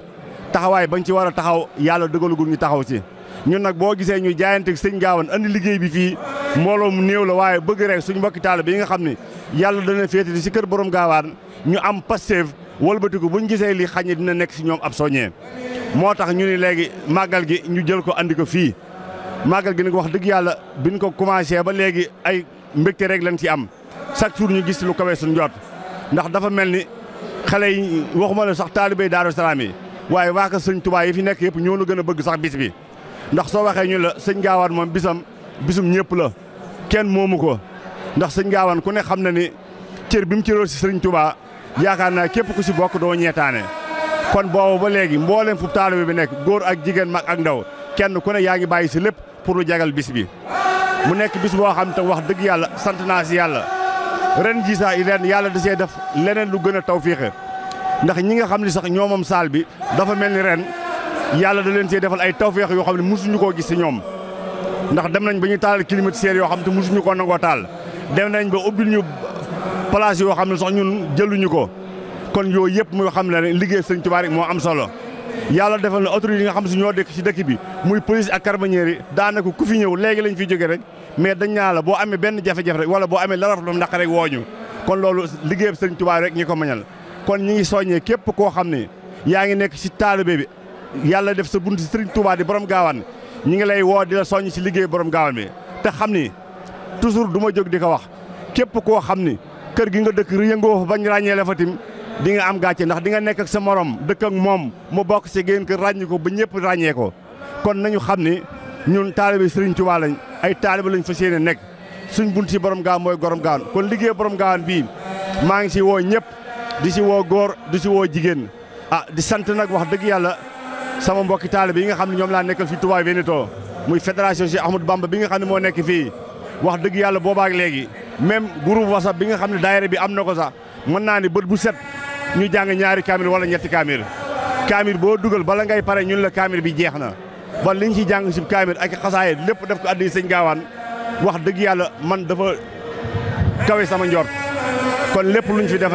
taxawaay bañ ci war a taxaw yàlla dëggalugul ñu taxaw si ñun nag boo gisee ñu jaayanteeg sëñ Gaawaan andi liggéey bi fii mbooloo néew la waaye bëgg rek suñu mbokki taalibe yi nga xam ne yàlla dana féetati si kër borom gaawaan ñu am pasteef walbatiku ñu gisee li xañe dina nekk si ñoom ab soññee moo tax ñu ni léegi màggal gi ñu jël ko andi ko fii màggal gi ko wax dëgg yàlla bi biñ ko commencé ba léegi ay mbégte rek lañ ci am chaque jour ñu gis lu kawee suñ jot ndax dafa mel ni xale yi waxuma la sax taalibey daaru salaam yi waaye waa ka sëñ Tuubaa yi fi nekk yëpp ñoo nu gën a bëgg sax bis bi ndax soo waxee ñu la sëñ gaawaan moom bisam bisum ñëpp la kenn moomu ko ndax sëñ gaawaan ku ne xam na ni cër bi mu cëroon si sëriñ Touba yaakaar naa képp ku si bokk doo ñeetaane kon boobu ba léegi mbooleem fu taalibe bi nekk góor ak jigéen mag ak ndaw kenn ku ne yaa ngi bàyyi si lépp pour lu jagal bis bi mu nekk bis boo xam te wax dëgg yàlla sant naa si yàlla ren jii sax ren yàlla da see def leneen lu gën a tawféexe ndax ñi nga xam ne sax ñoo yàlla da leen see defal ay tawféex yoo xam ne mosuñu koo gis si ñoom ndax dem nañ ba ñu taalal climatiseur yoo xam te mosuñu koo nangoo taal dem nañ ba ubbil ñu place yoo xam ne sax ñun jëluñu ko kon yooyu yëpp muy xam ne liggéey sëñ tubaar rek moo am solo yàlla defal na autorité yi nga xam si ñoo dëkk si dëkk bi muy police ak carabinieri yi daanaka ku fi ñëw léegi lañ fi jóge rek mais dañ naa la boo amee benn jafe-jafe rek wala boo amee laraf lu ndax rek kon loolu liggéey sëñ Tuubaa rek ñi ko mañal kon ñi ngi soññee képp koo xam ne yaa ngi nekk si taalibe bi yalla def sa buntu Serigne Touba di borom gawan ñi ngi lay wo di la soñ ci liggey borom gawan mi te xamni toujours duma jog diko di wax kep ko xamni ni kër gi nga dëkk yëngoo bañ rañé la fatim di nga am gàcce ndax di nga nek ak sa morom dëkk ak mom mu bok ci geen kër rañ ko ba ñepp rañé ko kon nañu xamni ñun talibé Serigne Touba lañ ay talibé lañ fas nek nekk suñ buntu ci borom gaawaan moy borom kon liggey borom gawan bi, ma ngi ci wo ñepp di ci wo gor di ci wo jigen ah di sant nak wax deug yalla sama mbokki taalibe yi nga xam ne ñoom laa nekkal fii Touba Veneto muy fédération Cheikh Ahmadou Bamba bi nga xam ne moo nekk fii wax dëgg yàlla boobaak léegi même groupe WhatsApp bi nga xam ne daayira bi am na ko sax mën naa ne bët bu set ñu jàng ñaari kaamil wala ñetti kaamil kaamil boo dugal bala ngay pare ñun la kaamir bi jeex na ba liñ ci jàng si kaamil ak xasaayit lépp def ko addi sañ gaawaan wax dëgg yàlla man dafa kawe sama njort kon lépp luñ fi def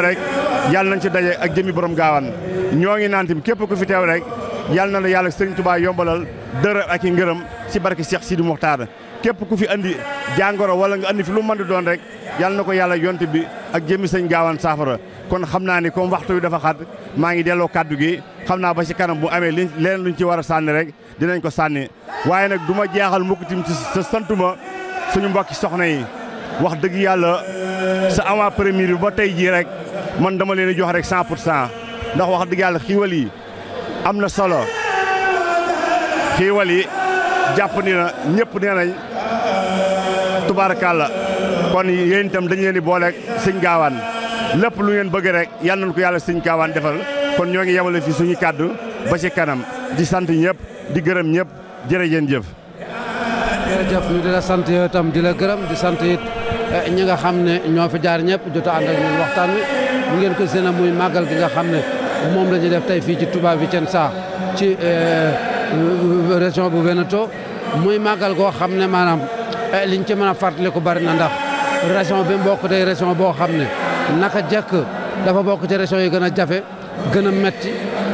yàlla nañ ci daje ak jëmi borom gaawaan ñoo ngi naan képp ku fi teew rek yàlla na la yàlla sëriñ Tuubaa yombalal dërëm ak i ngërëm ci barke Cheikh Sidi Mokhtar képp ku fi andi jàngoro wala nga andi fi lu man di doon rek yàlla na ko yàlla yonte bi ak jëmi sëñ gaawaan saafara kon xam naa ni ko waxtu wi dafa xat maa ngi delloo kàddu gi xam naa ba ci kanam bu amee li leen luñ ci war a sànni rek dinañ ko sànni waaye nag du ma jeexal mukk tim ci sa santuma suñu mbokki soxna yi wax dëgg yàlla sa avant première bi ba tey jii rek man dama leen jox rek 100 pour cent ndax wax dëgg yàlla xiiwal yi am na solo xiiwal yi jàpp ni na ñëpp nee nañ tubaarakàlla kon yéen itam dañu leen di booleeg sëñ gaawaan lépp lu ngeen bëgg rek yal nañu ko yàlla sëñ gaawaan defal kon ñoo ngi yemale fi suñu kàddu ba ci kanam di sant ñëpp di gërëm ñëpp jërëjëf. jërëjëf di la sant yow itam di la gërëm di sant it eh, ñi nga xam ne ñoo fi jaar ñëpp jot a ànd ak ñun waxtaan ngeen ko seen a muy màggal gi nga xam ne moom la ñuy def tey fii ci tubaab Touba saa ci eh, région bu Veneto muy màggal goo xam ne maanaam eh, liñ ci mën a fàttaliku bari na ndax région bi mbokk day région boo xam ne naka jekk dafa bokk ci région yi gën a jafe gën a metti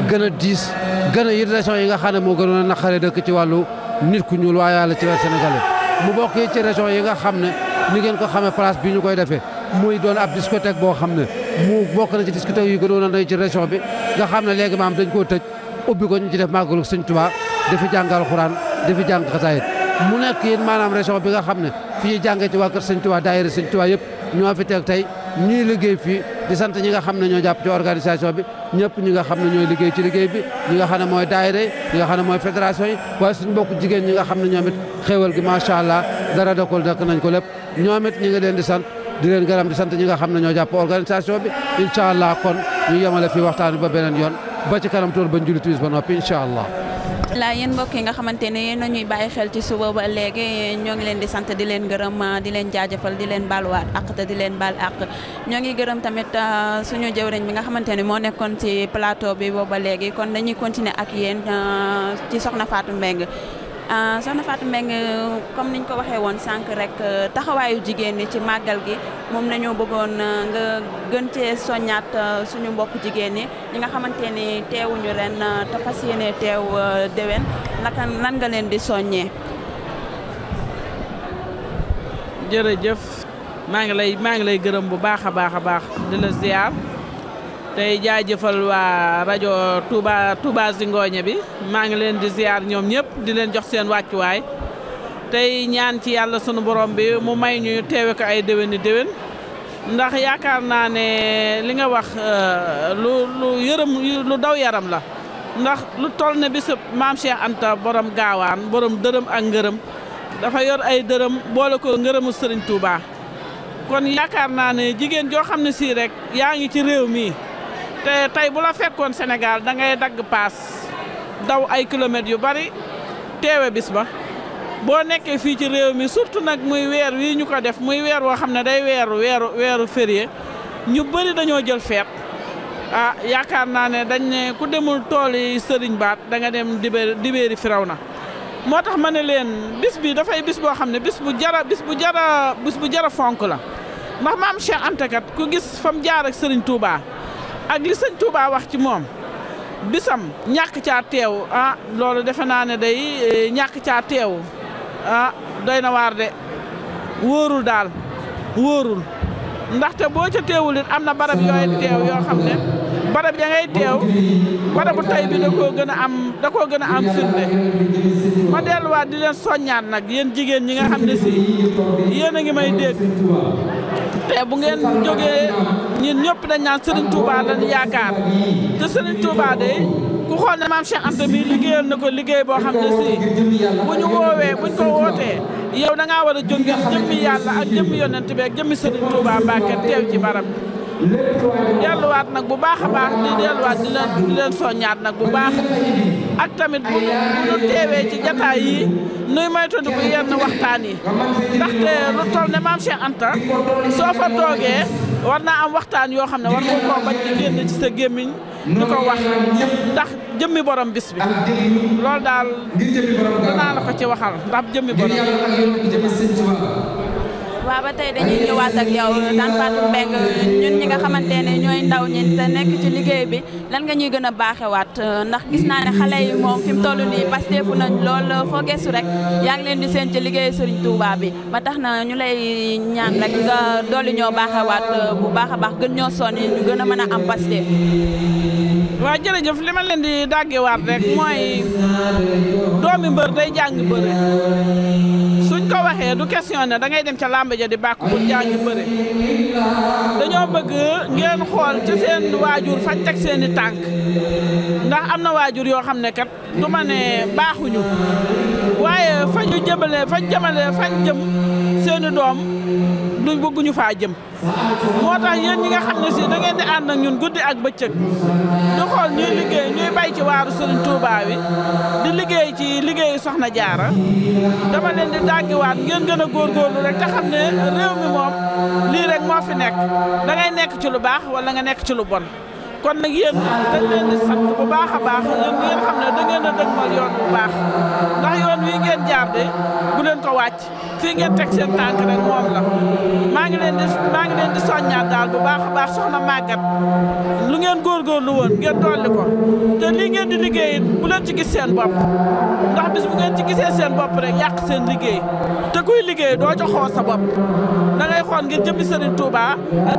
gën a diis gën a yit région yi nga xam ne moo gënoon a naqare dëkk ci wàllu nit ku ñuul waa yàlla ci la sénégalais mu bokk ci région yi nga xam ne ni ngeen ko xamee place bi ñu koy defee muy doon ab discothèque boo xam ne mu bokk na ci discothèque yu gënoon a doy ci région bi nga xam ne léegi maam dañ koo tëj ubbi ko ñu ci def màggalu di fi jàngal jàng alxuraan dafi jàng xasaayit mu nekk yéen maanaam région bi nga xam ne fi ñuy jàngee ci waa kër sëñ Tuubaa daayira sëñ Tuubaa yëpp ñoo fi teeg tey ñuy liggéey fii di sant ñi nga xam ne ñoo jàpp ci organisation bi ñëpp ñi nga xam ne ñooy liggéey ci liggéey bi ñi nga xam ne mooy daayira yi ñi nga xam ne mooy fédération yi waaye suñu bokk jigéen ñi nga xam ne ñoom it xéewal gi macha allah dara dakul dakk nañ ko lépp ñoom it ñi ngi leen di sant di leen garam di sant ñi nga xam ne ñoo jàpp organisation bi incha allah kon ñu yemale fii waxtaan ba beneen yoon ba ci kanam tool ba njulli timis ba noppi incha la yéen mbokk yi nga xamante ne yéen ñuy bàyyi xel ci suba ba léegi ñoo ngi leen di sant di leen gërëm di leen jaajëfal di leen baaluwaat ak te di leen baal àq ñoo ngi gërëm tamit ah, suñu jëwriñ bi nga xamante ni moo nekkoon ci plateau bi booba léegi kon dañuy continuer ak yéen ah, ci soxna Fatou Mbengue Euh, soxna Fatou Mbengue comme niñ ko waxee woon sànq rek euh, taxawaayu jigéen ñi ci màggal gi moom nañoo bëggoon euh, nga gën cee soññaat suñu mbokk jigéen ñi ñi nga xamante ni teewuñu ren te fas yéene teew déwén naka lan nga leen di soññee. jërëjëf maa ngi lay maa ngi lay gërëm bu baax a baax a baax di la ziar. tey jaajëfal waa rajo Touba Touba Zingoña bi maa ngi leen di ziar ñoom ñëpp di leen jox seen wàccuwaay tey ñaan ci yàlla sunu borom bi mu may ñu teewe ko ay déwéni déwén ndax yaakaar naa ne li nga wax euh, lu lu yërëm lu daw yaram la ndax lu tol ne bisub maam Cheikh Anta borom gaawaan borom dërëm ak ngërëm dafa yor ay dërëm boole ko ngërëmu Serigne Touba kon yaakaar naa ne jigéen joo xam ne sii rek yaa ngi ci réew mii te tey bu la fekkon senegal da ngay dag pass daw ay kilomètres yu bari téwé bis ba bo nekkee fi ci réew mi surtout nak muy weer wi ñuko def muy weer wo xamné day weeru weeru férié ñu bari dañu jël ah yaakar na né dañ né ku demul tool yi serigne baat da nga dem diberi firawna motax na len bis bi dafay bis bo xamné bis bu jara bis bu jara bis bu jara fonk la ndax mam Cheikh antakat ku gis fam jaar ak serigne Touba. ak li sëñ wax ci moom bisam ñàkk caa teew ah, loolu defe naa ne day eh, ñàkk caa teew ah na waar de wóorul daal wóorul ndaxte boo ca teewul it am na barab yooy teew yoo xam ne barab ya teew barabu tey bi da koo gën am da koo gën a ma delluwaat di leen soññaat nag yéen jigéen ñi nga xam ne si yéen a ngi may dégg te bu ngeen jógee ñun ñëpp dañ naan Serigne Touba lañu yaakaar te Serigne Touba de ku xool ne maam Cheikh Anta bi liggéeyal na ko liggéey boo xam ne si bu ñu woowee bu ñu ko wootee yow da ngaa war a jóg ngir jëmmi yàlla ak jëmmi yonent bi ak jëmmi Serigne Touba teew ci barab delluwaat nag bu baax a baax di delluwaat di leen di leen nag bu baax ak tamit bu ñu bu ci jataay yi nuy moytandiku yenn waxtaan yi ndaxte lu toll ne maam Cheikh Anta soo fa toogee war naa am waxtaan yoo xam ne war nga koo bañ di génn ci sa gémmiñ di ko wax ndax jëmmi borom bis bi daal danaa la ko ci waxal ndax jëmmi borom waaw ba tey dañuy ñëwaat ak yow daan Fatou Mbengue ñun ñi nga xamante ne ñooy ndaw ñi te nekk ci liggéey bi lan nga ñuy gën a waat ndax gis naa ne xale yi moom fi mu toll nii pasteefu nañ lool foo gëstu rek yaa ngi leen di seen ci liggéey Serigne Touba bi ba tax na ñu lay ñaan rek nga dolli ñoo baaxewaat euh, bu baax a baax gën ñoo sonn ñu gën a mën a am pasteef. waa jërëjëf li ma leen di dàggewaat rek mooy doomi mbër day jàng bëre suñ ko waxee du question làmb ja di bàkk bu jàng bëre dañoo bëgg ngeen xool ci seen waajur fañ teg seeni tànk ndax am na waajur yoo xam ne kat du ma ne baaxuñu waaye fañu jëmale fa jëmale fañ jëm seeni doom duñ bëgguñu faa jëm moo tax yéen ñi nga xam ne si da di ànd ñun guddi ak bëccëg ñu xool ñuy liggéey ñuy bay ci waaru Sëriñ Tuubaa di liggéey ci liggéeyu Soxna Jaara dama leen di dàggiwaat ngeen gën a góorgóorlu rek te xam ne réew mi moom lii rek moo fi nekk da nekk ci lu baax wala nga nekk ci lu bon kon nag yéen dañ leen di bu baax a baax yéen ngeen xam ne da ngeen a dëgmal bu baax ndax yoon wi ngeen jaar de bu leen ko wàcc fii ngeen teg seen tànk rek moom la maa ngi di maa daal bu baax a baax soxna màggat lu ngeen góorgóorlu woon ngeen le ko te lii ngeen di liggéey it bu leen ci gis seen bopp ndax bis bu ngeen ci gisee seen bopp rek yàq seen liggéey te kuy liggéey doo ca xool sa bopp da ngay xool ngir jëmmi Serigne Touba ak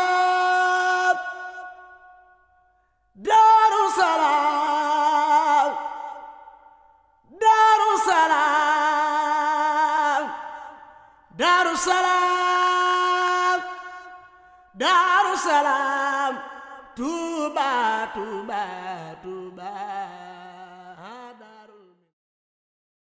Absalom.